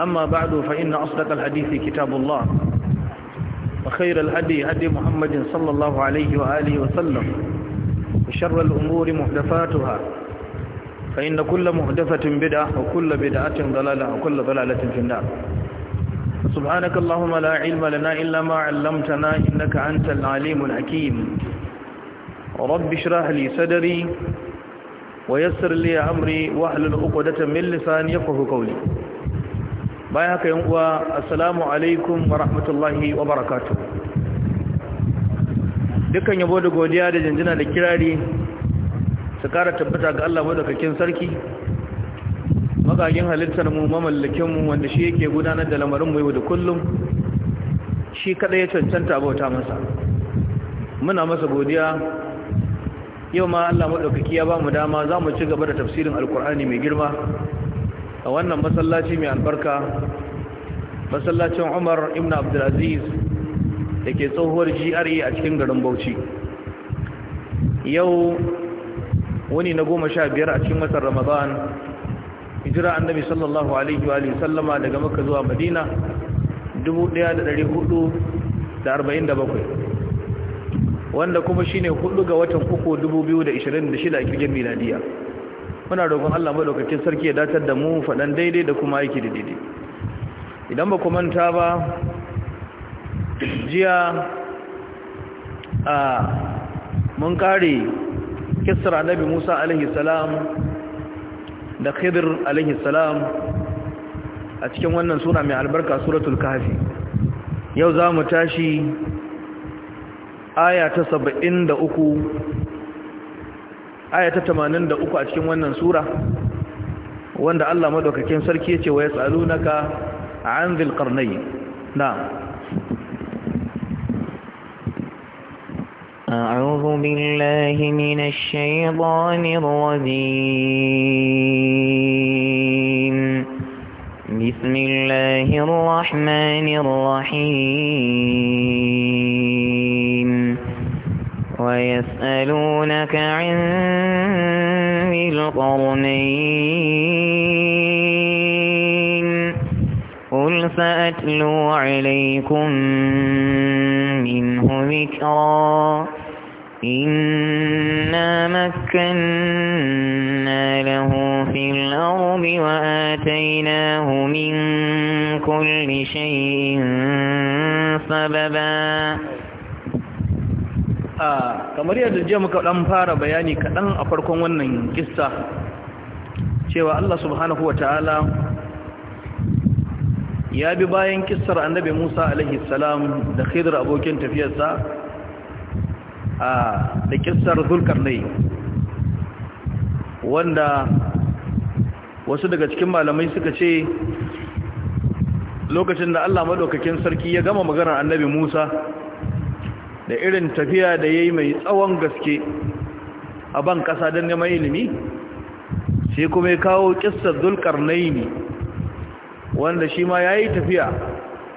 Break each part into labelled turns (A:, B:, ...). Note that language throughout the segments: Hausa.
A: أما بعد فإن أصدق الحديث كتاب الله وخير الهدي هدي محمد صلى الله عليه وآله وسلم وشر الأمور محدثاتها فإن كل محدثة بدعة وكل بدعة ضلالة وكل ضلالة في النار سبحانك اللهم لا علم لنا إلا ما علمتنا إنك أنت العليم الحكيم رب اشرح لي صدري ويسر لي أمري واحلل عقدة من لساني يفقه قولي bayan haka yan uwa assalamu alaikum wa rahmatullahi wa barakatu dukkan yabo da godiya da janjina da kirari su kara tabbata ga Allah madaukakin sarki magagin halittar mu mamallakin mu wanda shi yake gudanar da lamarin mu yau kullum shi kada ya cancanta bauta masa muna masa godiya yau ma Allah madaukaki ya ba mu dama za mu ci gaba da tafsirin alkur'ani mai girma a wannan masallaci mai albarka masallacin umar ibn abdulaziz da ke tsohuwar GRE a cikin garin Bauchi yau wani na goma sha biyar a cikin watan Ramadan hijira annabi sallallahu alaihi wa sallama daga maka zuwa Madina dubu da hudu arba'in bakwai, wanda kuma shine hudu ga watan uku dubu biyu da da shida a kirgin miladiya muna roƙon Allah lokacin sarki ya datar da mu faɗan daidai da kuma aiki da daidai idan ba ku manta ba jiya a mun kare kisar annabi Musa alaihi salam da khidr alaihi salam a cikin wannan sura mai albarka suratul kahfi yau za mu tashi aya ta uku. aya ta 83 a cikin wannan sura wanda Allah madaukakin sarki yace wa yasalunaka an dhil qarnayn
B: na'am أعوذ بالله من الشيطان الرجيم بسم الله الرحمن الرحيم ويسألونك عن ذي القرنين قل سأتلو عليكم منه ذكرا إنا مكنا له في الأرض وآتيناه من كل شيء سببا
A: a kamar yadda jiya muka dan fara bayani kaɗan a farkon wannan kissa cewa Allah subhanahu wa ta'ala ya bi bayan kissar annabi Musa alaihi salam da Khidr abokin tafiyarsa a da kissar Zulkarnai wanda wasu daga cikin malamai suka ce lokacin da Allah madaukakin sarki ya gama maganar annabi Musa da irin tafiya da ya yi mai tsawon gaske a ban ƙasa don neman ilimi sai kuma ya kawo ƙistar zulkar naini wanda shi ma ya yi tafiya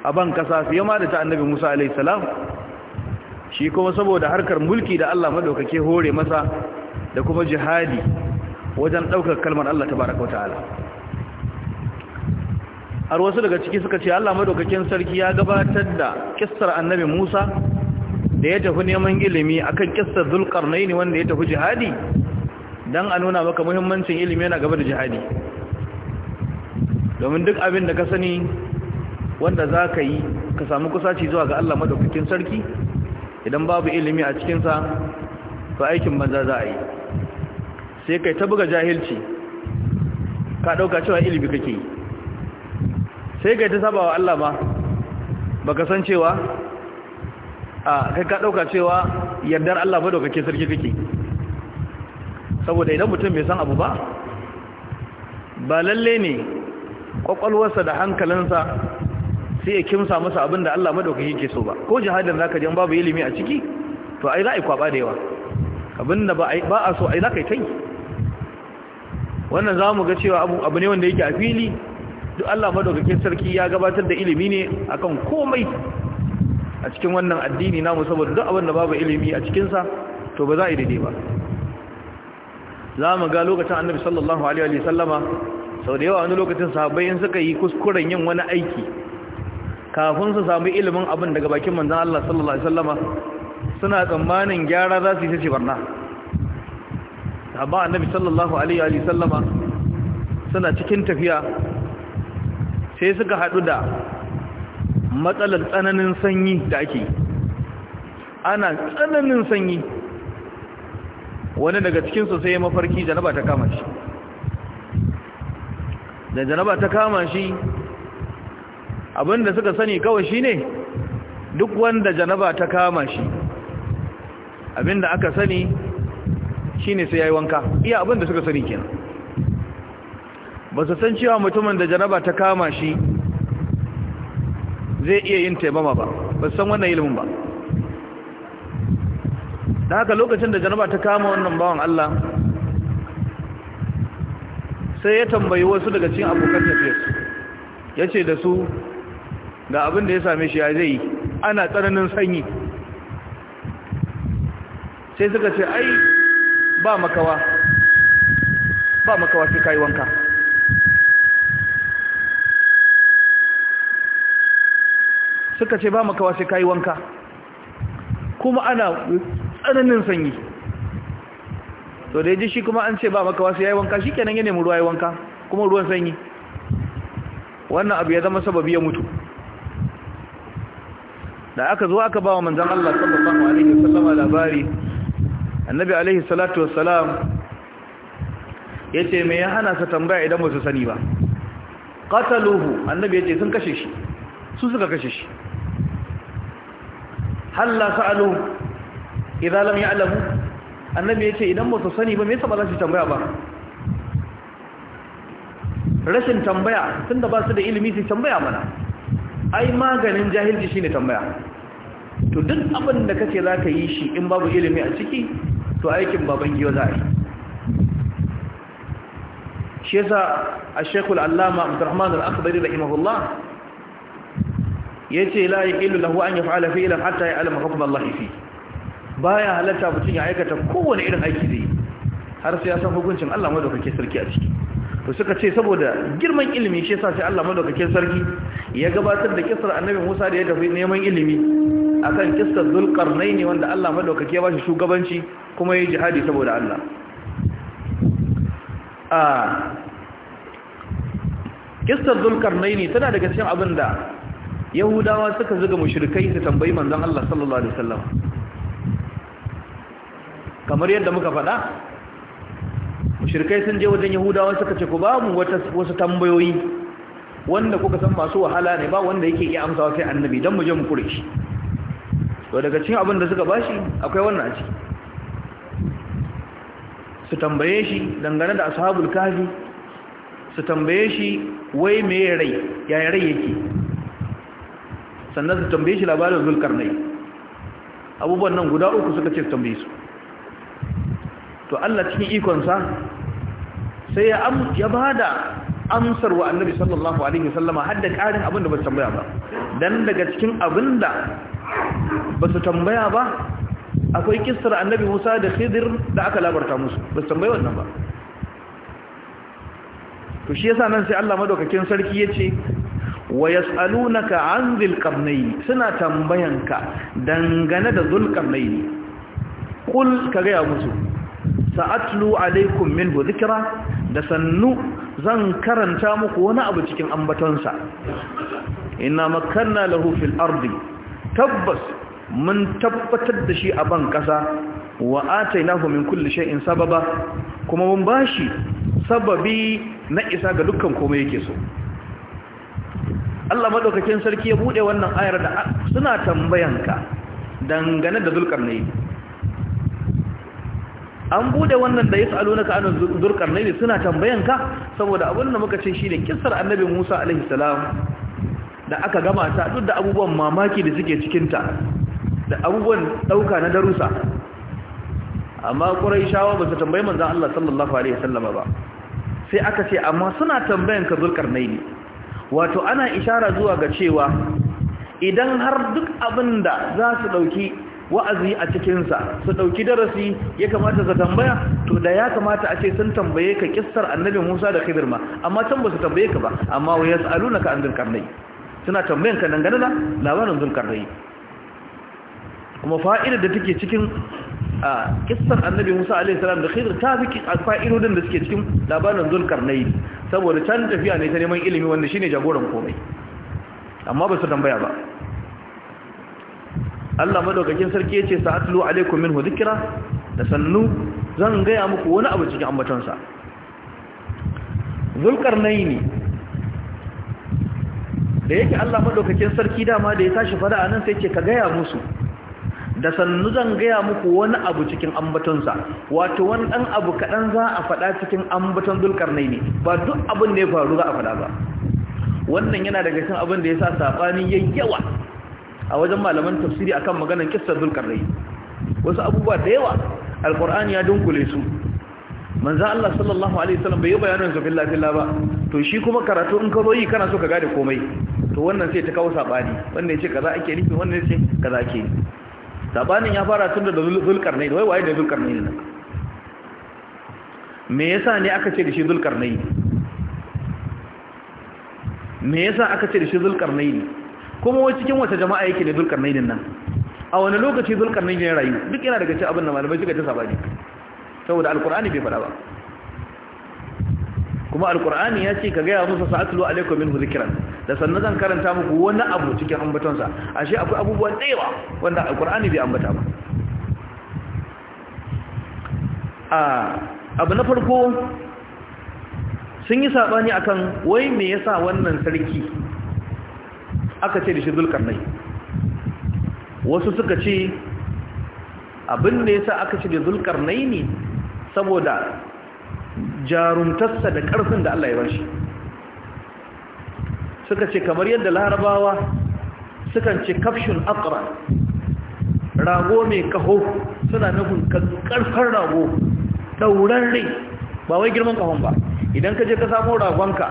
A: a ban ƙasa fiye ma da ta annabi musa alaihissalam shi kuma saboda harkar mulki da allah maɗaukake hore masa da kuma jihadi wajen ɗaukar kalmar allah ta baraka wata'ala har wasu daga ciki suka ce allah maɗaukakin sarki ya gabatar da ƙistar annabi musa da ya tafi neman ilimi akan kissar ne wanda ya tafi jihadi Don a nuna maka muhimmancin ilimi yana gaba da jihadi domin duk abin da ka sani wanda za ka yi ka samu kusaci zuwa ga Allah madaukakin sarki idan babu ilimi a cikinsa ba aikin banza za a yi sai kai ta buga jahilci ka ɗauka cewa ilimi kake yi sai kai ta saba wa Allah ma ka san cewa a kai ka ɗauka cewa yardar Allah ba daukake sarki kake saboda idan mutum bai san abu ba ba lalle ne kwakwalwarsa da hankalinsa sai ya kimsa masa abin da Allah madaukaki ke so ba ko jihadin zaka je babu ilimi a ciki to ai za a yi kwaba da yawa abin da ba a so ai za ka yi tai wannan za mu ga cewa abu ne wanda yake a fili duk Allah madaukakin sarki ya gabatar da ilimi ne akan komai a cikin wannan addini namu saboda duk abin da babu ilimi a cikinsa to ba za a yi daidai ba za mu ga lokacin annabi sallallahu alaihi wa sallama sau da yawa wani lokacin sahabbai in suka yi kuskuren yin wani aiki kafin su samu ilimin abin daga bakin manzon Allah sallallahu alaihi wa sallama suna tsammanin gyara za su yi sace barna amma annabi sallallahu alaihi wa sallama suna cikin tafiya sai suka haɗu da matsalar tsananin sanyi da ake ana tsananin sanyi wani daga cikinsu sai ya mafarki janaba ta kama shi da janaba ta kama shi abinda suka sani kawai shi ne duk wanda janaba ta kama shi abinda aka sani shi ne sai ya yi wanka iya abinda suka sani kenan ba su san cewa mutumin da janaba ta kama shi zai iya yin taimama ba ba san wannan ilimin ba da haka lokacin da janaba ta kama wannan bawan Allah sai ya tambayi wasu daga cikin abokan tafiyarsu ya ce da su ga abin da ya same shi ya zai yi ana tsananin sanyi sai suka ce ai ba makawa ba makawa sai kayi wanka suka ce ba makawa sai kayi wanka kuma ana tsananin sanyi to da ya ji shi kuma an ce ba makawa sai yayi wanka shi kenan ya nemi ruwa ya wanka kuma ruwan sanyi wannan abu ya zama sababi ya mutu da aka zo aka ba wa manzan Allah sallallahu alaihi wasallam labari annabi alaihi salatu wassalam yace me ya hana sa tambaya idan ba su sani ba qataluhu annabi yace sun kashe shi su suka kashe shi halla sa'alu idan lam ya'lamu annabi yace idan ba su sani ba me yasa ba za su tambaya ba rashin tambaya tunda ba su da ilimi su tambaya mana ai maganin jahilci shine tambaya to duk abin da kace za ka yi shi in babu ilimi a ciki to aikin baban giwa za a yi shi yasa a shekul allama abdurrahman al-akhdari rahimahullah Ya ce la ilu lahu an fi ilan hata hatta alama hukum Allah fi baya halatta mutum ya aikata kowane irin aiki da har sai ya san hukuncin Allah madaukakin sarki a ciki to suka ce saboda girman ilimi shi yasa sai Allah madaukakin sarki ya gabatar da kisar annabi Musa da ya tafi neman ilimi akan kisar ne wanda Allah madaukake ya bashi shugabanci kuma yayi jihadi saboda Allah a ah, kisar zulqarnain tana daga cikin abin da yahudawa suka zuga mushrikai su tambayi manzon Allah sallallahu alaihi wasallam kamar yadda muka faɗa mushrikai sun je wajen yahudawa suka ce ku ba mu wasu tambayoyi wanda kuka san masu wahala ne ba wanda yake iya amsawa sai annabi don mu je mu kure shi to daga cikin abin da suka bashi akwai wannan a ciki su tambaye shi dangane da ashabul kahfi su tambaye shi wai me rai yaya rai yake sannan su tambaye shi labarin zulkar nai, abubuwan nan guda uku suka ce su tambaye su to Allah cikin ikonsa sai ya ya bada amsar wa annabi sallallahu alaihi wasallama har da karin abin da ba su tambaya ba dan daga cikin abin da ba su tambaya ba akwai kissar annabi Musa da Khidir da aka labarta musu ba su tambaye wannan ba to shi yasa nan sai Allah madaukakin sarki yace wa yas'alunaka an dhil qarnayn suna tambayanka dangane da dhul qarnayn qul ka ga musu sa'atlu alaikum minhu dhikra da sannu zan karanta muku wani abu cikin ambatonsa inna makanna lahu fil ardi tabbas mun tabbatar da shi a ban kasa wa atainahu min kulli shay'in sababa kuma mun bashi sababi na isa ga dukkan komai yake so Allah madaukakin sarki ya bude wannan ayar da suna tambayanka dangane da zulkarnaini an bude wannan da yas'alunaka an zulkarnaini suna tambayanka saboda abin da muka ce shine kissar annabi Musa alaihi salam da aka gama ta duk da abubuwan mamaki da suke cikin ta da abubuwan dauka na darusa amma quraishawa ba su tambayi manzon Allah sallallahu alaihi wasallama ba sai aka ce amma suna tambayanka zulkarnaini wato ana ishara zuwa ga cewa idan har duk abin da za su ɗauki wa'azi a cikinsa su ɗauki darasi ya kamata su tambaya to da ya kamata a ce sun tambaye ka kissar annabi musa da khidir ma amma can ba su tambaye ka ba amma wa ya tsalu na ka an zulkarnai suna tambayan ka dangane da labarin zulkarnai kuma fa'idar da take cikin a kissar annabi musa alaihissalam da khidir ta fi fa'idodin da suke cikin labarin zulkarnai saboda can tafiya ne ta neman ilimi wanda shine jagoran komai amma ba su tambaya ba Allah madaukakin sarki yace sa'atlu alaikum minhu dhikra da sannu zan gaya muku wani abu cikin ambatonsa zulkarnaini da yake Allah madaukakin sarki dama da ya tashi fada anan sai ce ka gaya musu da sannu zan gaya muku wani abu cikin ambatonsa wato wani ɗan abu kaɗan za a faɗa cikin ambaton dulkar ne ba duk abin da ya faru za a faɗa ba wannan yana daga cikin abin da ya sa saɓani ya yawa a wajen malaman tafsiri akan maganar kissar ne wasu abubuwa da yawa alƙur'ani ya dunkule su manzo Allah sallallahu alaihi wasallam bai yi bayanin su billahi billah ba to shi kuma karatu in ka royi kana so ka gane komai to wannan sai ta kawo saɓani wannan ya ce kaza ake nufi wannan ya ce kaza ake nufi sabanin ya fara tun da zulkarnain wai waye da zulkarnain ne me yasa ne aka ce da shi zulkarnain me yasa aka ce da shi ne kuma wai cikin wata jama'a yake ne din nan a wani lokaci zulkarnain ya rayu duk yana daga cikin abin da malamai suka ta ne saboda alkur'ani bai faɗa ba kuma alkur'ani ya ce ka gaya musu sa'atulu alaikum min zikran da sannan zan karanta muku wani abu cikin ambatonsa ashe akwai abubuwan tsayawa wanda alkur'ani bai ambata ba abu na farko sun yi saɓani akan wai me yasa wannan sarki aka ce da shi zulkarnai wasu suka ce abin da ya sa aka ce da zulkarnai ne saboda jarumtarsa da ƙarfin da Allah ya bashi shi suka ce kamar yadda larabawa sukan ce kafshin akwara rago mai kaho suna nufin karfar rago rai ba wai girman kahon ba idan ka je ka samo ragonka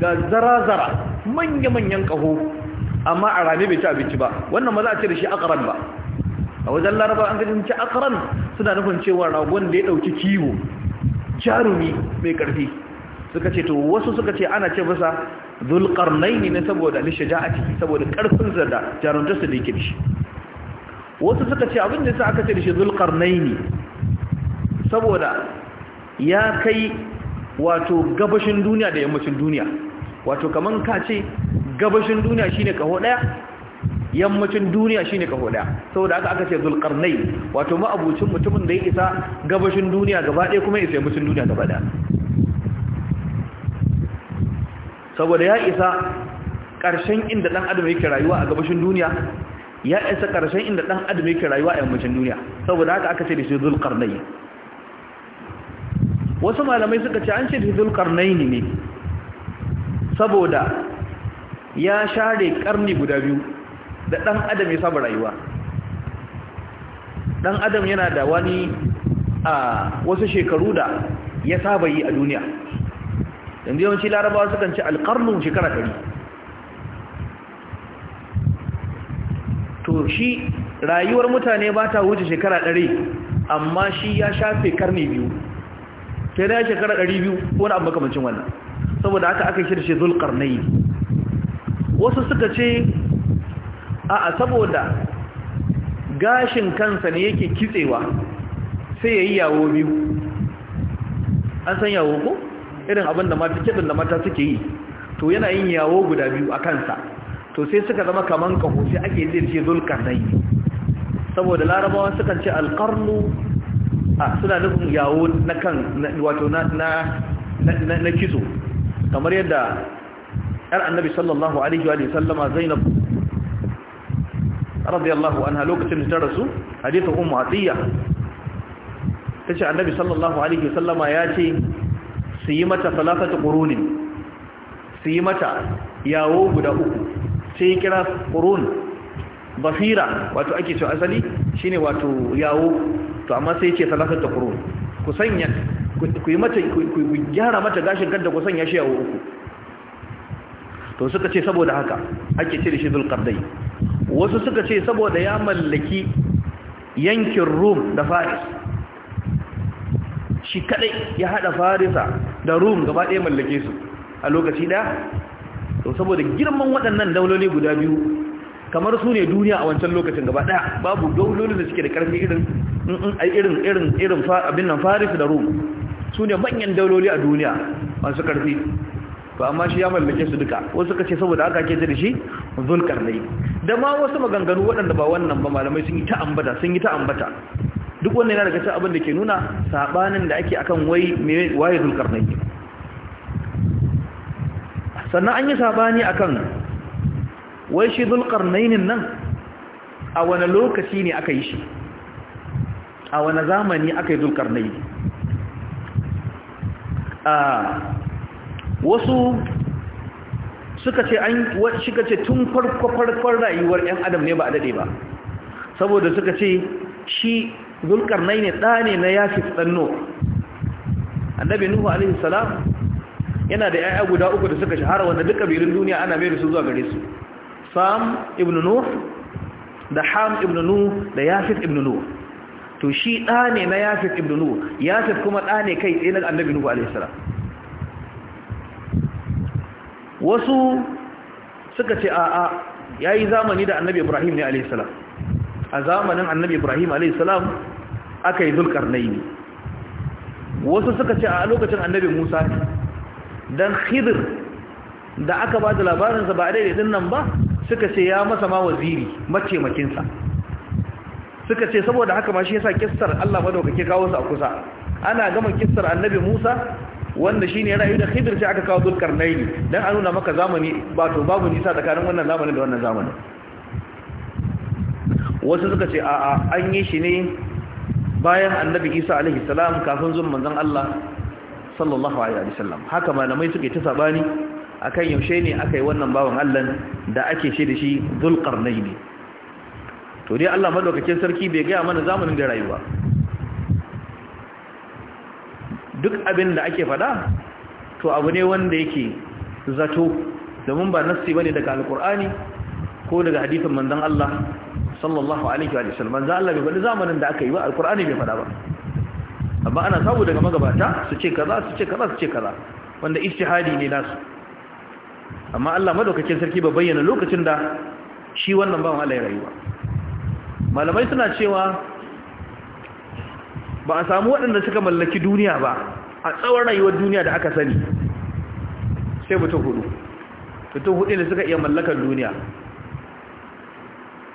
A: ga zara-zara manya-manyan kaho amma a rami bai ci abinci ba wannan ma za a ce da shi akwaran ba a wajen laraba an gajin ci akwaran suna nufin cewa ragon da ya ɗauki kiwo jarumi mai ƙarfi suka ce to wasu suka ce ana ce masa zulƙarnaini na saboda a ciki saboda ƙarfin zada jarumtarsa da yake shi wasu suka ce abin da sa aka ce da shi zulƙarnaini saboda ya kai wato gabashin duniya da yammacin duniya wato kaman ka ce gabashin duniya shine kaho ɗaya yammacin duniya shine kaho ɗaya saboda haka aka ce zulqarnai wato ma'abucin mutumin da ya isa gabashin duniya gaba ɗaya kuma ya isa yammacin duniya gaba ɗaya. saboda ya isa ƙarshen inda ɗan adam yake rayuwa a gabashin duniya ya isa ƙarshen inda ɗan adam yake rayuwa a yammacin duniya saboda haka aka ce da shi zulƙarnai wasu malamai suka ce an ce da shi zulƙarnai ne saboda ya share ƙarni guda biyu da ɗan adam ya saba rayuwa ɗan adam yana da wani a wasu shekaru da ya saba yi a duniya yanzu yawanci larabawa sukan ci alƙarnu shekara ɗari to shi rayuwar mutane ba ta wuce shekara ɗari amma shi ya shafe karni biyu ta na shekara ɗari biyu wani abu makamancin wannan saboda haka aka na zulƙarnai wasu suka ce a saboda gashin kansa ne yake kitsewa sai ya yi yawo biyu an san yawo ko? irin abin da mata kiɗin da mata suke yi to yana yin yawo guda biyu a kansa to sai suka zama kaman kaho sai ake zai ce zulkarnai saboda larabawa sukan ce alƙarnu a suna nufin yawo na kan wato na kizo kamar yadda ‘yar annabi sallallahu alaihi wa sallama zainab radiyallahu anha lokacin da ta rasu hadithu ummu atiyya tace annabi sallallahu alaihi wa sallama ya ce su yi mata salasata ƙurunin su yi mata yawo guda uku sai kira ƙurun basira wato ake cewa asali shine wato yawo to amma sai ce salasata ƙurun ku sanya ku yi mata ku gyara mata gashin kanta ku sanya shi yawo uku to suka ce saboda haka ake cire shi zulkardai wasu suka ce saboda ya mallaki yankin rum da faris shi kadai ya hada farisa da rum gaba ɗaya mallake su a lokaci da to saboda girman waɗannan dauloli guda biyu kamar su ne duniya a wancan lokacin gaba ɗaya babu daulolin da suke da ƙarfi irin irin irin irin abin nan faris da rum su ne manyan dauloli a duniya masu ƙarfi to amma shi ya mallake su duka wasu kace saboda haka ake da shi zulkarnai da ma wasu maganganu waɗanda ba wannan ba malamai sun yi ta ambata sun yi ta ambata duk wannan yana daga cikin abin da ke nuna sabanin da ake akan wai waye zulkarnai sannan an yi sabani akan wai shi zulkarnainin nan a wani lokaci ne aka yi shi a wani zamani aka yi zulkarnai a wasu suka ce an suka ce tun farko farko rayuwar 'yan adam ne ba a dade ba saboda suka ce shi nai ne ɗa ne na yafi tsanno annabi nuhu alaihi salam yana da 'ya'ya guda uku da suka shahara wanda duka birin duniya ana mai da su zuwa gare su sam ibn nuh da ham ibn nuh da yafif ibn nuh to shi da ne na yafif ibn nuh yafif kuma da ne kai tsaye na annabi nuhu alaihi salam wasu suka ce a'a yayi zamani da annabi ibrahim ne alaihi salam a zamanin annabi ibrahim alaihissalam aka yi zulkarnaini wasu suka ce a lokacin annabi musa ne don Hidir da aka ba da labarinsa ba a daidaitin nan ba suka ce ya masa ma waziri mataimakinsa suka ce saboda haka ma shi yasa kissar Allah madaukake kawo su a kusa ana gama kissar annabi Musa wanda shine ra'ayi da Hidir sai aka kawo naini dan a nuna maka zamani ba to babu nisa tsakanin wannan zamanin da wannan zamanin wasu suka ce a'a an yi shi ne bayan annabi isa alaihi salam kafin zuwan manzon Allah sallallahu alaihi wasallam haka malamai suke ta sabani akan yaushe ne aka yi wannan bawan Allah da ake shi da shi ne? to dai Allah madaukakin sarki bai ga mana zamanin da rayuwa duk abin da ake fada to abu ne wanda yake zato domin ba nassi bane daga alqur'ani ko daga hadisin manzon Allah sallallahu alaihi wa sallam manzo Allah bai faɗi zamanin da aka yi ba alqur'ani bai faɗa ba amma ana samu daga magabata su ce kaza su ce kaza su ce kaza wanda ijtihadi ne nasu amma Allah madaukakin sarki ba bayyana lokacin da shi wannan bawan Allah ya rayu ba malamai suna cewa ba a samu waɗanda suka mallaki duniya ba a tsawon rayuwar duniya da aka sani sai mutum hudu mutum hudu ne suka iya mallakar duniya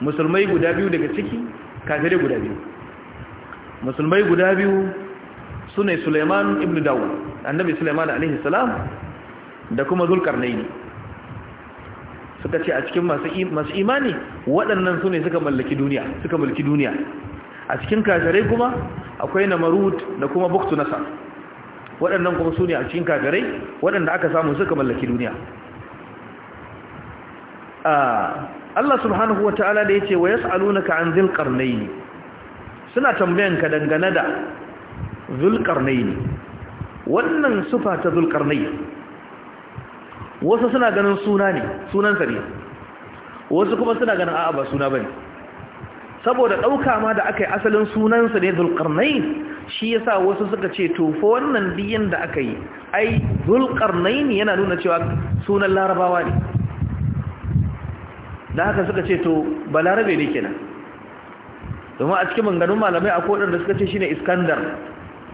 A: musulmai guda biyu daga ciki kafirai guda biyu musulmai guda biyu su ne suleiman ibn dawud annabi suleiman alaihi salam da kuma zulkarnaini suka ce a cikin masu imani waɗannan su ne suka mallaki duniya suka mulki duniya a cikin kafirai kuma akwai namarud da kuma buktu nasa waɗannan kuma su ne a cikin kafirai waɗanda aka samu suka mallaki duniya ah, Allah subhanahu wata'ala da yace wa yas'alunaka an dhil qarnayn suna tambayan ka dangane da dhil qarnayn wannan sufa ta dhil qarnayn wasu suna ganin suna ne sunan sa ne wasu kuma suna ganin a'a ba suna bane saboda dauka ma da akai asalin sunan sa ne dhil qarnayn shi yasa wasu suka ce to fa wannan biyan da aka yi ai dhul qarnayn yana nuna cewa sunan larabawa ne da haka suka ce to balarabe ne kenan domin a cikin manganun malamai a kodin da suka ce shine iskandar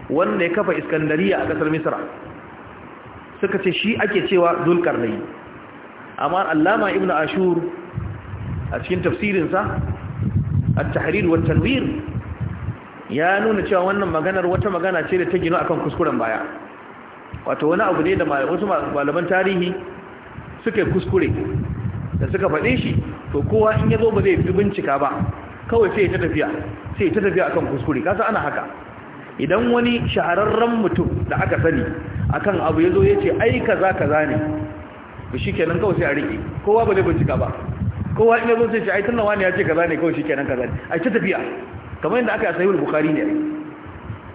A: wanda ya kafa iskandariya a kasar misra suka ce shi ake cewa ne. amma allama Ibn ashur a cikin tafsirinsa a tahrir wa tanwir ya nuna cewa wannan maganar wata magana ce da ta gino akan kuskuren baya wato wani abu ne da wasu malaman tarihi yi kuskure da suka faɗe shi to kowa in ya zo ba zai fi bincika ba kawai sai ta tafiya sai ta tafiya akan kuskure kasa ana haka idan wani shahararren mutum da aka sani akan abu ya zo ya ce ai kaza kaza ne ba shi kenan kawai sai a riƙe kowa ba zai bincika ba kowa in ya zo sai ce ai tunawa ne ya ce kaza ne kawai shi kenan kaza ne ai ta tafiya kamar yadda aka yi sahihul bukhari ne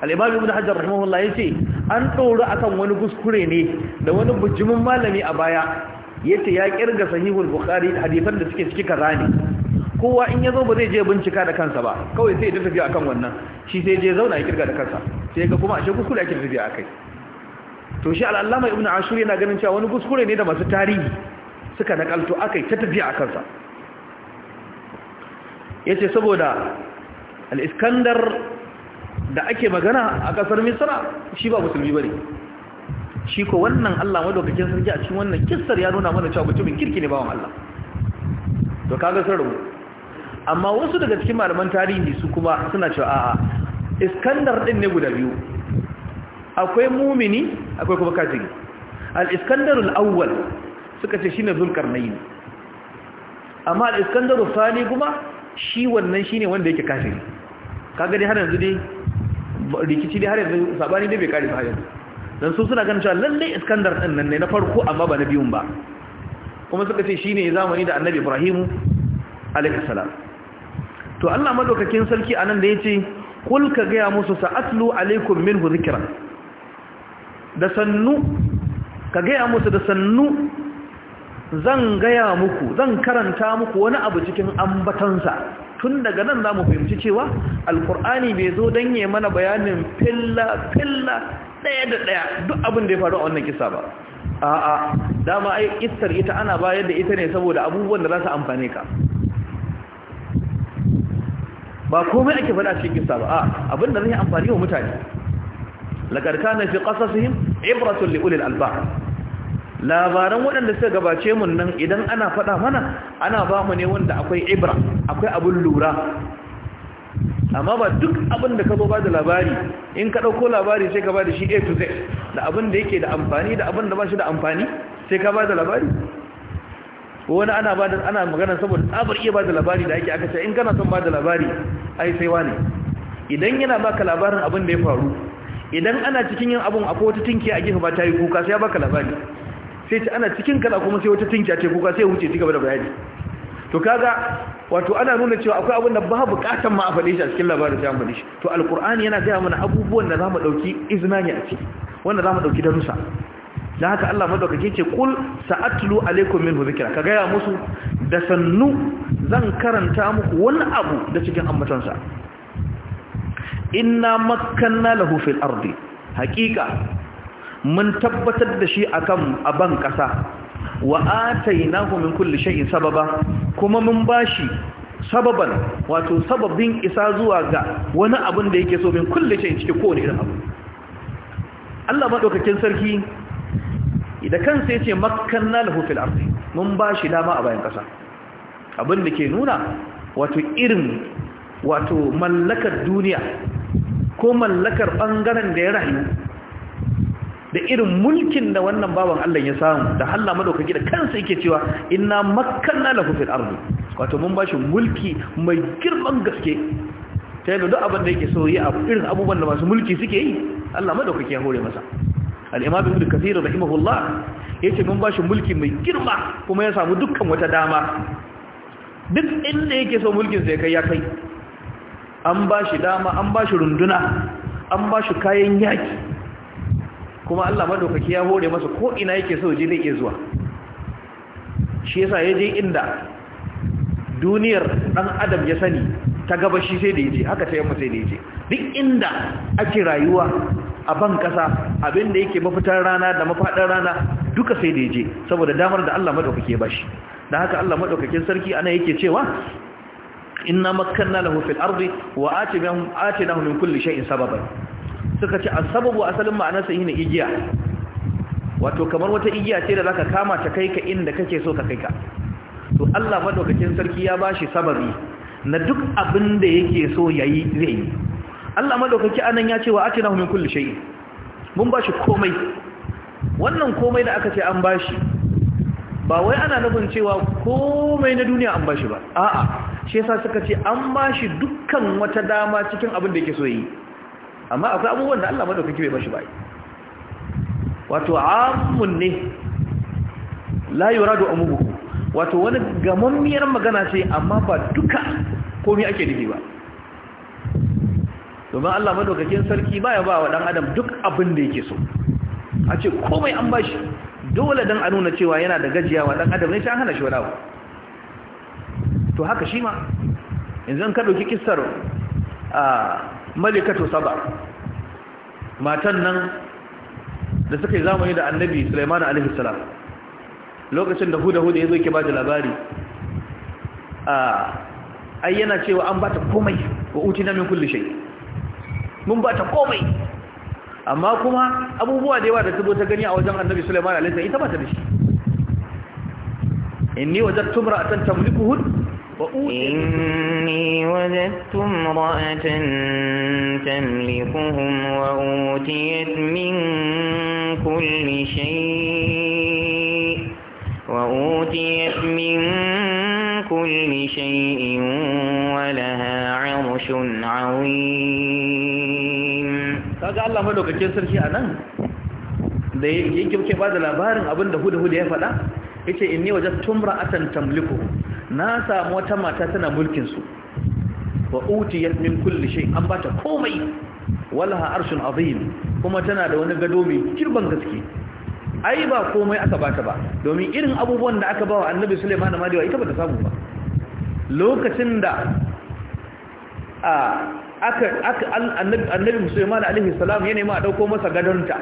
A: al-imam ibn hajar rahimahullah ya ce an ɗora akan wani kuskure ne da wani bujimin malami a baya yace ya kirga sahihul bukhari hadisan da suke ciki kaza ne kowa in yazo ba zai je bincika da kansa ba kawai sai ya tafi akan wannan shi sai je zauna ya kirga da kansa sai ga kuma ashe kuskure ake tafi akai to shi al-allama ibnu ashur yana ganin cewa wani kuskure ne da masu tarihi suka nakalto akai ta tafi akan sa yace saboda al-iskandar da ake magana a kasar misra shi ba musulmi bane shi ko wannan Allah madaukakin sarki a cikin wannan kissar ya nuna mana cewa mutumin kirki ne bawan Allah to kaga sun rubu amma wasu daga cikin malaman tarihi su kuma suna cewa a'a Iskandar din ne guda biyu akwai mumini akwai kuma kafiri al-Iskandar al-awwal suka ce shine Zulkarnain amma al-Iskandar al-thani kuma shi wannan shine wanda yake kafiri kaga dai har yanzu dai rikici dai har yanzu sabani dai bai kare ba yanzu don su suna ganin cewa lallai iskandar ɗin nan ne na farko amma ba na biyun ba kuma suka ce shi ne zamani da annabi ibrahimu Salam. to allah madaukakin sarki anan da ya ce kul ka gaya musu sa'atlu alaikum min dhikra da sannu ka gaya musu da sannu zan gaya muku zan karanta muku wani abu cikin ambatansa tun daga nan zamu fahimci cewa alkur'ani bai zo danye yi mana bayanin filla-filla ɗaya da ɗaya duk abin da ya faru a wannan kisa ba a'a dama ai kissar ita ana bayar da ita ne saboda abubuwan da za su amfane ka ba komai ake faɗa cikin kisa ba a'a abin da zai amfani wa mutane lakarka kana fi qasasihim ibratun li ulil albab labaran waɗanda suka gabace mun nan idan ana faɗa mana ana ba mu ne wanda akwai ibra akwai abun lura amma ba duk abin da ka zo ba da labari in ka ɗauko labari sai ka ba da shi a to z da abin da yake da amfani da abin da ba shi da amfani sai ka ba da labari wani ana ba da ana magana saboda tsabar iya ba da labari da ake aka ce in kana son ba da labari ai sai wane idan yana baka labarin abin da ya faru idan ana cikin yin abin akwai wata tinki a gefe ba ta yi kuka sai ya baka labari sai ta ana cikin kala kuma sai wata a ta kuka sai ya wuce ci gaba da bayani to kaga wato ana nuna cewa akwai abin da ba bukatan ma a faɗe shi a cikin labarin ta faɗe shi to alkur'ani yana gaya mana abubuwan da zamu dauki izina ne a ciki wanda zamu dauki darussa dan haka Allah madaukake ce kul sa'atlu alaikum minhu zikra ka gaya musu da sannu zan karanta muku wani abu da cikin amatansa. inna makkanna lahu fil ardi haqiqa mun tabbatar da shi akan aban kasa wa atainahu min kulli shay'in sababa kuma mun bashi sababan wato sababin isa zuwa ga wani abin da yake so min kulli shay'in cikin kowane irin abu Allah madaukakin sarki idan kansa yace makkanna lahu fil ardi mun bashi dama a bayan kasa abin da ke nuna wato irin wato mallakar duniya ko mallakar bangaren da ya rayu da irin mulkin da wannan baban Allah ya samu da Allah madaukaki da kansa yake cewa inna makkanna lahu fil ardi wato mun bashi mulki mai girman gaske ta yadda duk abin da yake so yi a irin abubuwan da masu mulki suke yi Allah madaukaki ya hore masa al-imam ibn kathir rahimahullah yace mun bashi mulki mai girma kuma ya samu dukkan wata dama duk inda yake so mulkin sai kai ya kai an bashi dama an bashi runduna an bashi kayan yaki kuma Allah madaukaki ya hore masa ko ina yake so je zai ke zuwa shi yasa ya je inda duniyar dan adam ya sani ta gabashi sai da yaje haka ta yamma sai da yaje duk inda ake rayuwa a ban kasa abinda yake mafitar rana da mafadar rana duka sai da yaje saboda damar da Allah madaukaki ya bashi dan haka Allah madaukakin sarki ana yake cewa inna makkanna lahu fil ardi wa atinahum atinahum min kulli shay'in sababan suka ce sababu asalin ma'anarsa ne igiya wato kamar wata igiya ce da zaka kama ta kai ka inda kake so ka kai ka to Allah madaukakin sarki ya bashi sababi na duk abin da yake so yayi zai yi Allah madaukaki anan ya ce wa atinahu min kulli shay mun bashi komai wannan komai da aka ce an bashi ba wai ana nufin cewa komai na duniya an bashi ba a'a shi yasa suka ce an bashi dukkan wata dama cikin abin da yake so yi amma akwai abubuwan da Allah madaukaki bai bashi bai wato amun ne la yuradu amuhu wato wani gamammiyar magana ce amma ba duka komai ake nufi ba domin Allah madaukakin sarki baya ba wa dan adam duk abin da yake so a ce komai an bashi dole dan a nuna cewa yana da gajiyawa dan adam ne sai an hana shi wani to haka shi ma yanzu an ka dauki kissar a ah, malikatu saba matan nan da suka yi zamani da annabi Sulaiman alaihi salam lokacin da huda huda ya zo ke ba da labari a ai yana cewa an ba ta komai wa na min kulli shay mun ta komai amma kuma abubuwa da yawa da tubo ta gani a wajen annabi Sulaiman alaihi salam ita ba da shi inni wajadtu imra'atan
B: tamlikuhu إني وجدت امرأة تملكهم وأوتيت من كل شيء وأوتيت من كل شيء ولها عرش عظيم kaga Allah madaukakin sarki anan da yake
A: ba da labarin abin da hudu hudu ya faɗa yace inni wajadtu atan tamliku na samu wata mata tana mulkin su wa utiyat min kulli shay an bata komai walaha arshun azim kuma tana da wani gado mai kirban gaske ai ba komai aka bata ba domin irin abubuwan da aka bawa annabi Sulaiman ma da ita bata samu ba lokacin da a aka aka annabi Sulaiman alaihi salam ya ma a dauko masa gadonta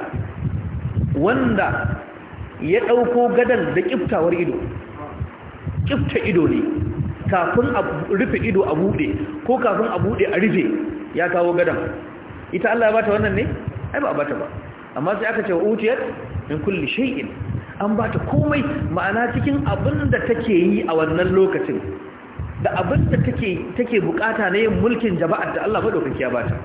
A: wanda ya ɗauko gadon da ƙiftawar ido ƙifta ido ne kafin a rufe ido a buɗe ko kafin a buɗe a rufe ya kawo gadon ita Allah ya bata wannan ne ai ba a bata ba amma sai aka ce wa utiyar in kulli shay'in an bata komai ma'ana cikin abin da take yi a wannan lokacin da abin da take take bukata na yin mulkin jama'ar da Allah madaukaki ya bata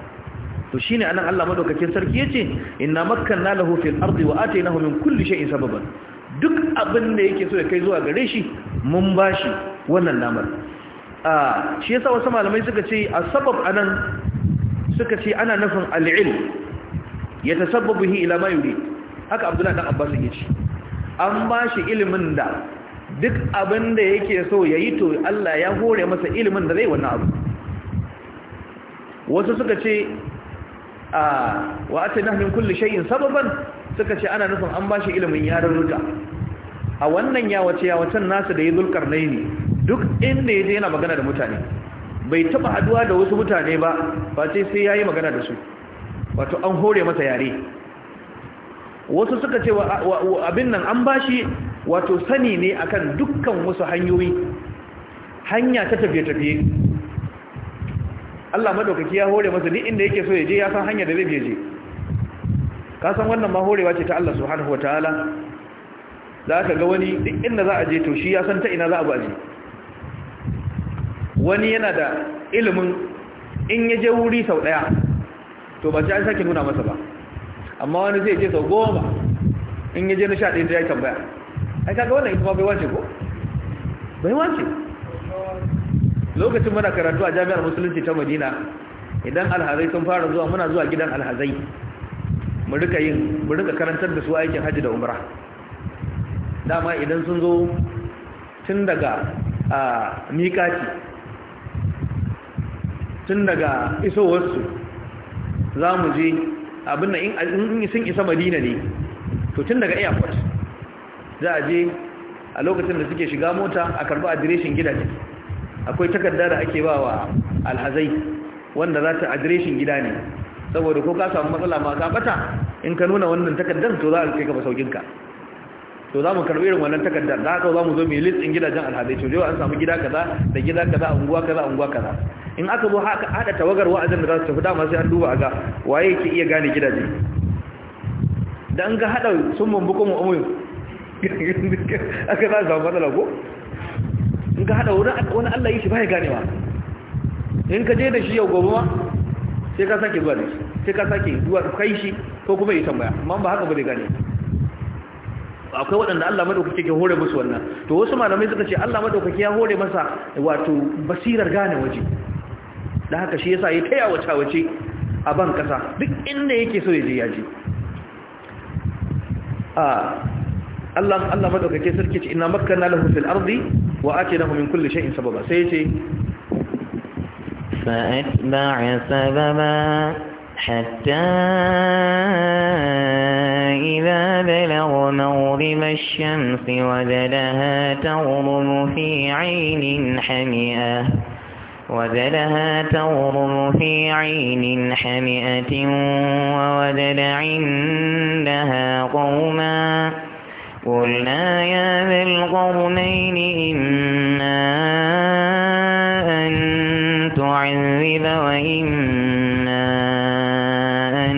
A: to shine anan Allah madaukakin sarki yace inna makkanna lahu fil ardi wa atainahu min kulli shay'in sababan duk abin da yake so ya kai zuwa gare shi mun bashi wannan lamar a shi yasa wasu malamai suka ce a sabab anan suka ce ana nufin al-ilm yatasabbabu hi ila ma yuri haka abdullahi dan abbas yake ce an bashi ilimin da duk abin da yake so yayi to Allah ya hore masa ilimin da zai wannan abu wasu suka ce a wa atina min kulli shay'in sababan suka ce ana nufin an bashi ilimin yarurruka a wannan ya ya yawacen nasa da ya zulkarnaini duk inda ya je yana magana da mutane bai taba haduwa da wasu mutane ba face sai yayi magana da su wato an hore masa yare wasu suka ce abin nan an bashi wato sani ne akan dukkan wasu hanyoyi hanya ta tafiye-tafiye Allah madaukaki ya hore masa duk inda yake so ya je ya san hanya da zai je ka san wannan ma horewa ce ta Allah subhanahu wataala za ka ga wani duk inda za a je to shi ya san ta ina za a ba je wani yana da ilimin in ya je wuri sau daya to ba ci an sake nuna masa ba amma wani zai je sau goma in ya je na sha ɗaya ya tambaya ai kaga wannan ita ma bai wace ko bai wace lokacin muna karatu a jami'ar musulunci ta madina idan alhazai sun fara zuwa muna zuwa gidan alhazai mu rika yin mu rika karantar da su aikin hajji da umra dama idan sun zo tun daga a miƙaci tun daga isowarsu za mu je abin da in sun isa madina ne to tun daga airport za a je a lokacin da suke shiga mota a karbi adireshin gidaje akwai takarda da ake ba wa alhazai wanda za ta adireshin gida ne saboda ko ka samu matsala ma ka bata in ka nuna wannan takardar to za a kai ka masaukinka to za mu karɓi irin wannan takardar za ka za mu zo mai listin gidajen alhazai to jewa an samu gida kaza da gida kaza a unguwa kaza a unguwa kaza in aka zo haka hada tawagar wa'azin da za su tafi dama sai an duba a ga waye ke iya gane gidaje da an ga hada sun mumbuko mu umuyin aka za su samu matsala ko in ka haɗa wani Allah yi shi ba ya ganewa in ka je da shi yau gobe ma sai ka sake zuwa da shi sai ka sake zuwa kai shi ko kuma yi tambaya amma ba haka ba da gane akwai waɗanda Allah madaukake ke hore musu wannan to wasu malamai suka ce Allah madaukake ya hore masa wato basirar gane waje da haka shi yasa ya taya wata wace a ban kasa duk inda yake so ya je ya je ah, الله الله مدوك كيسر كيش إنا مكنا له في الأرض وآتناه من كل شيء سببا سيتي
B: فأتبع سببا حتى إذا بلغ مغرب الشمس وجدها تغرب في عين حمئة وجدها تغرب في عين حمئة ووجد عندها قوما قلنا يا ذا القرنين إما أن تعذب وإما أن